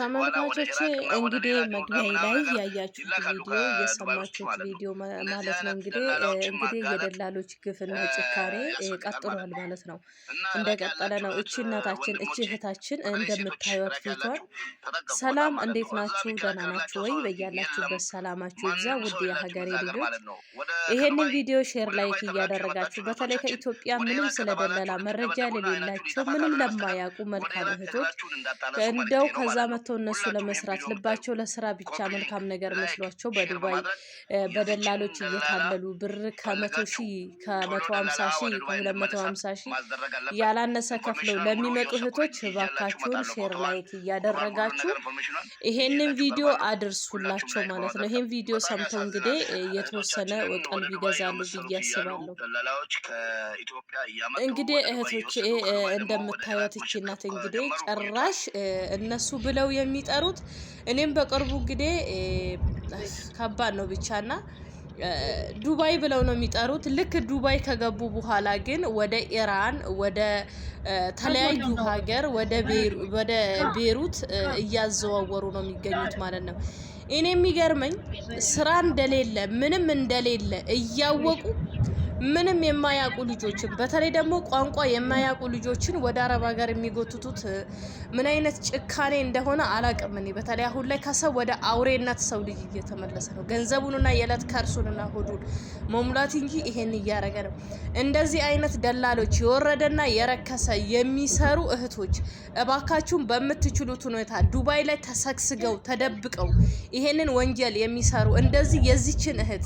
ተመልካቾች እንግዲህ መግቢያ ላይ ያያችሁት ቪዲዮ የሰማችሁት ቪዲዮ ማለት ነው። እንግዲህ እንግዲህ የደላሎች ግፍና ጭካሬ ቀጥሏል ማለት ነው። እንደቀጠለ ነው። እቺ እናታችን እቺ እህታችን እንደምታዩት ፊቷን። ሰላም እንዴት ናችሁ? ደህና ናችሁ ወይ? በያላችሁበት ሰላማችሁ ይብዛ ውድ የሀገሬ ልጆች። ይሄንን ቪዲዮ ሼር ላይክ እያደረጋችሁ በተለይ ከኢትዮጵያ ምንም ስለደለላ መረጃ ለሌላቸው ምንም ለማያውቁ መልካም እህቶች እንደው ከዛ መጥተው እነሱ ለመስራት ልባቸው ለስራ ብቻ መልካም ነገር መስሏቸው በዱባይ በደላሎች እየታለሉ ብር ከመቶ ሺህ ከመቶ ሀምሳ ሺህ ከሁለት መቶ ሀምሳ ሺህ ያላነሰ ከፍለው ለሚመጡ እህቶች እባካችሁን ሼር ላይክ እያደረጋችሁ ይሄንን ቪዲዮ አድርሱላቸው ማለት ነው። ይሄን ቪዲዮ ሰምተው እንግዲህ የተወሰነ ቀልብ ይገዛሉ ብዬ አስባለሁ። እንግዲህ እህቶቼ እንደምታዩት እቺ እናት እንግዲህ ጨራ ጭራሽ እነሱ ብለው የሚጠሩት እኔም በቅርቡ እንግዲህ ከባድ ነው ብቻና ዱባይ ብለው ነው የሚጠሩት። ልክ ዱባይ ከገቡ በኋላ ግን ወደ ኢራን፣ ወደ ተለያዩ ሀገር፣ ወደ ቤሩት እያዘዋወሩ ነው የሚገኙት ማለት ነው። እኔ የሚገርመኝ ስራ እንደሌለ ምንም እንደሌለ እያወቁ ምንም የማያውቁ ልጆችን በተለይ ደግሞ ቋንቋ የማያውቁ ልጆችን ወደ አረብ ሀገር የሚጎትቱት ምን አይነት ጭካኔ እንደሆነ አላቅም። እኔ በተለይ አሁን ላይ ከሰው ወደ አውሬነት ሰው ልጅ እየተመለሰ ነው። ገንዘቡንና የዕለት ከርሱንና ሆዱን መሙላት እንጂ ይሄን እያደረገ ነው። እንደዚህ አይነት ደላሎች የወረደና የረከሰ የሚሰሩ እህቶች እባካችሁን በምትችሉት ሁኔታ ዱባይ ላይ ተሰግስገው ተደብቀው ይሄንን ወንጀል የሚሰሩ እንደዚህ የዚችን እህት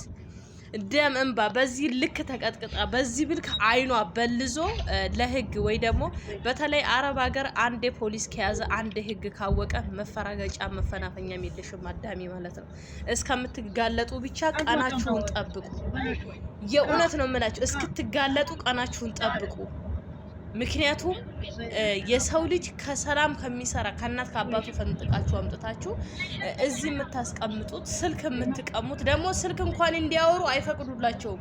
ደም እንባ በዚህ ልክ ተቀጥቅጣ በዚህ ብልክ አይኗ በልዞ ለህግ ወይ ደግሞ በተለይ አረብ ሀገር አንድ ፖሊስ ከያዘ አንድ ህግ ካወቀ መፈራገጫ መፈናፈኛ የለሽም አዳሚ ማለት ነው። እስከምትጋለጡ ብቻ ቀናችሁን ጠብቁ። የእውነት ነው የምላችሁ። እስክትጋለጡ ቀናችሁን ጠብቁ። ምክንያቱም የሰው ልጅ ከሰላም ከሚሰራ ከእናት ከአባቱ ፈንጥቃችሁ አምጥታችሁ እዚህ የምታስቀምጡት ስልክ የምትቀሙት ደግሞ ስልክ እንኳን እንዲያወሩ አይፈቅዱላቸውም።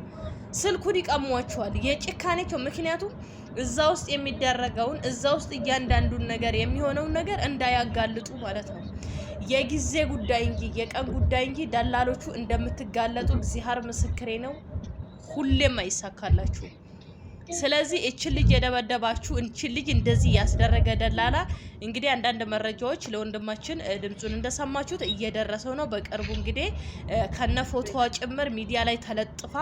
ስልኩን ይቀሟቸዋል። የጭካኔቸው ምክንያቱም እዛ ውስጥ የሚደረገውን እዛ ውስጥ እያንዳንዱን ነገር የሚሆነውን ነገር እንዳያጋልጡ ማለት ነው። የጊዜ ጉዳይ እንጂ የቀን ጉዳይ እንጂ ደላሎቹ እንደምትጋለጡ እግዚአብሔር ምስክሬ ነው። ሁሌም አይሳካላችሁም። ስለዚህ እችን ልጅ የደበደባችሁ እችን ልጅ እንደዚህ ያስደረገ ደላላ እንግዲህ አንዳንድ መረጃዎች ለወንድማችን ድምፁን እንደሰማችሁት እየደረሰው ነው። በቅርቡ እንግዲህ ከነ ፎቶዋ ጭምር ሚዲያ ላይ ተለጥፋ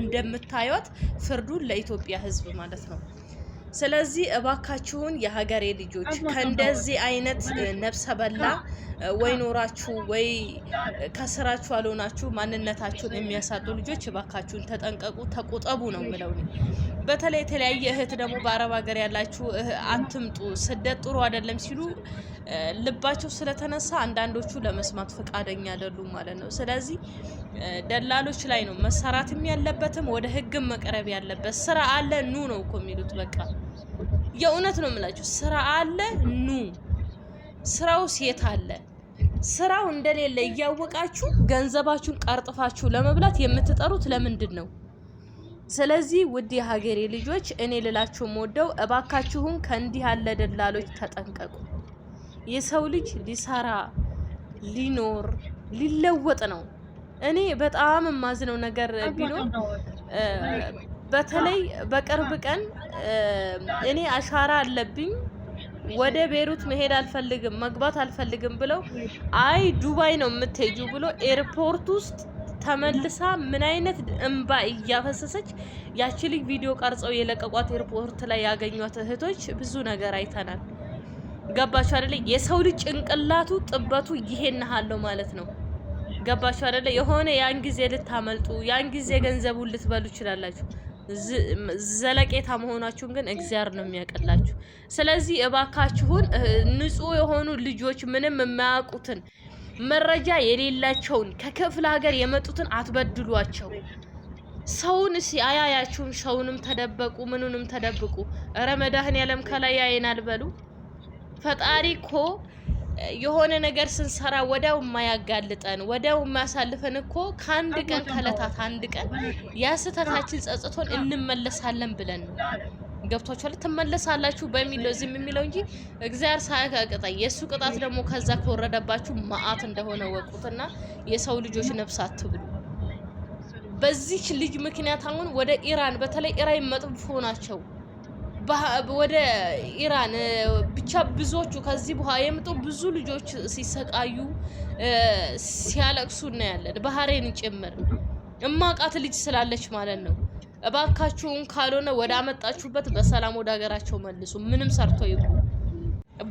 እንደምታዩት ፍርዱን ለኢትዮጵያ ሕዝብ ማለት ነው። ስለዚህ እባካችሁን የሀገሬ ልጆች ከእንደዚህ አይነት ነብሰ በላ ወይ ኖራችሁ ወይ ከስራችሁ አልሆናችሁ ማንነታችሁን የሚያሳጡ ልጆች እባካችሁን ተጠንቀቁ፣ ተቆጠቡ ነው ምለው። በተለይ የተለያየ እህት ደግሞ በአረብ ሀገር ያላችሁ አትምጡ፣ ስደት ጥሩ አይደለም ሲሉ ልባቸው ስለተነሳ አንዳንዶቹ ለመስማት ፈቃደኛ አይደሉም ማለት ነው። ስለዚህ ደላሎች ላይ ነው መሰራትም ያለበትም ወደ ህግም መቅረብ ያለበት። ስራ አለ ኑ ነው እኮ የሚሉት። በቃ የእውነት ነው የምላችሁ፣ ስራ አለ ኑ። ስራው ሴት አለ ስራው እንደሌለ እያወቃችሁ ገንዘባችሁን ቀርጥፋችሁ ለመብላት የምትጠሩት ለምንድን ነው? ስለዚህ ውድ የሀገሬ ልጆች እኔ ልላችሁ ወደው እባካችሁን ከእንዲህ ያለ ደላሎች ተጠንቀቁ። የሰው ልጅ ሊሰራ ሊኖር ሊለወጥ ነው። እኔ በጣም የማዝነው ነገር ቢኖር በተለይ በቅርብ ቀን እኔ አሻራ አለብኝ ወደ ቤሩት መሄድ አልፈልግም መግባት አልፈልግም ብለው አይ ዱባይ ነው የምትሄጁ ብሎ ኤርፖርት ውስጥ ተመልሳ ምን አይነት እንባ እያፈሰሰች ያቺ ልጅ ቪዲዮ ቀርጸው የለቀቋት ኤርፖርት ላይ ያገኟት እህቶች ብዙ ነገር አይተናል። ገባችሁ አደለ? የሰው ልጅ ጭንቅላቱ ጥበቱ ይሄን አለው ማለት ነው። ገባችሁ አደለ? የሆነ ያን ጊዜ ልታመልጡ፣ ያን ጊዜ ገንዘቡን ልትበሉ ይችላላችሁ። ዘለቄታ መሆናችሁን ግን እግዚአብሔር ነው የሚያቀላችሁ። ስለዚህ እባካችሁን ንጹህ የሆኑ ልጆች ምንም የማያውቁትን መረጃ የሌላቸውን ከክፍለ ሀገር የመጡትን አትበድሏቸው። ሰውን እስኪ አያያችሁም? ሰውንም ተደበቁ፣ ምኑንም ተደብቁ። እረ መድኃኔዓለም ከላይ ያየናል በሉ። ፈጣሪ እኮ የሆነ ነገር ስንሰራ ወዲያው የማያጋልጠን ወዲያው የማያሳልፈን እኮ ከአንድ ቀን ከዕለታት አንድ ቀን ያስተታችን ጸጽቶን እንመለሳለን ብለን ነው። ገብቷችኋል ትመለሳላችሁ በሚለው ዝም የሚለው እንጂ እግዚአብሔር ሳያቀጣ የእሱ ቅጣት ደግሞ ከዛ ከወረደባችሁ መዓት እንደሆነ ወቁትና የሰው ልጆች ነፍስ አትብሉ። በዚህ ልጅ ምክንያት አሁን ወደ ኢራን በተለይ ኢራን መጥፎ ናቸው። ወደ ኢራን ብቻ ብዙዎቹ ከዚህ በኋላ የምጡ ብዙ ልጆች ሲሰቃዩ ሲያለቅሱ እናያለን። ባህሬን ጭምር እማቃት ልጅ ስላለች ማለት ነው። እባካችሁን ካልሆነ ወደ አመጣችሁበት በሰላም ወደ ሀገራቸው መልሱ። ምንም ሰርቶ ይቁ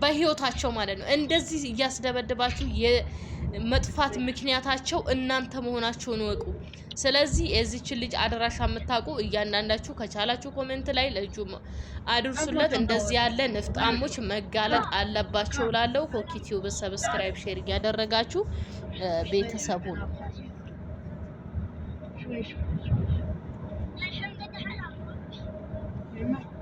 በህይወታቸው ማለት ነው። እንደዚህ እያስደበደባችሁ የመጥፋት ምክንያታቸው እናንተ መሆናችሁን ወቁ። ስለዚህ የዚችን ልጅ አድራሻ የምታውቁ እያንዳንዳችሁ ከቻላችሁ ኮሜንት ላይ ለእጁ አድርሱለት። እንደዚህ ያለ ንፍጣሞች መጋለጥ አለባቸው ላለው ኮኪ ቲዩብ ሰብስክራይብ፣ ሼር እያደረጋችሁ ቤተሰቡ ነው Amen.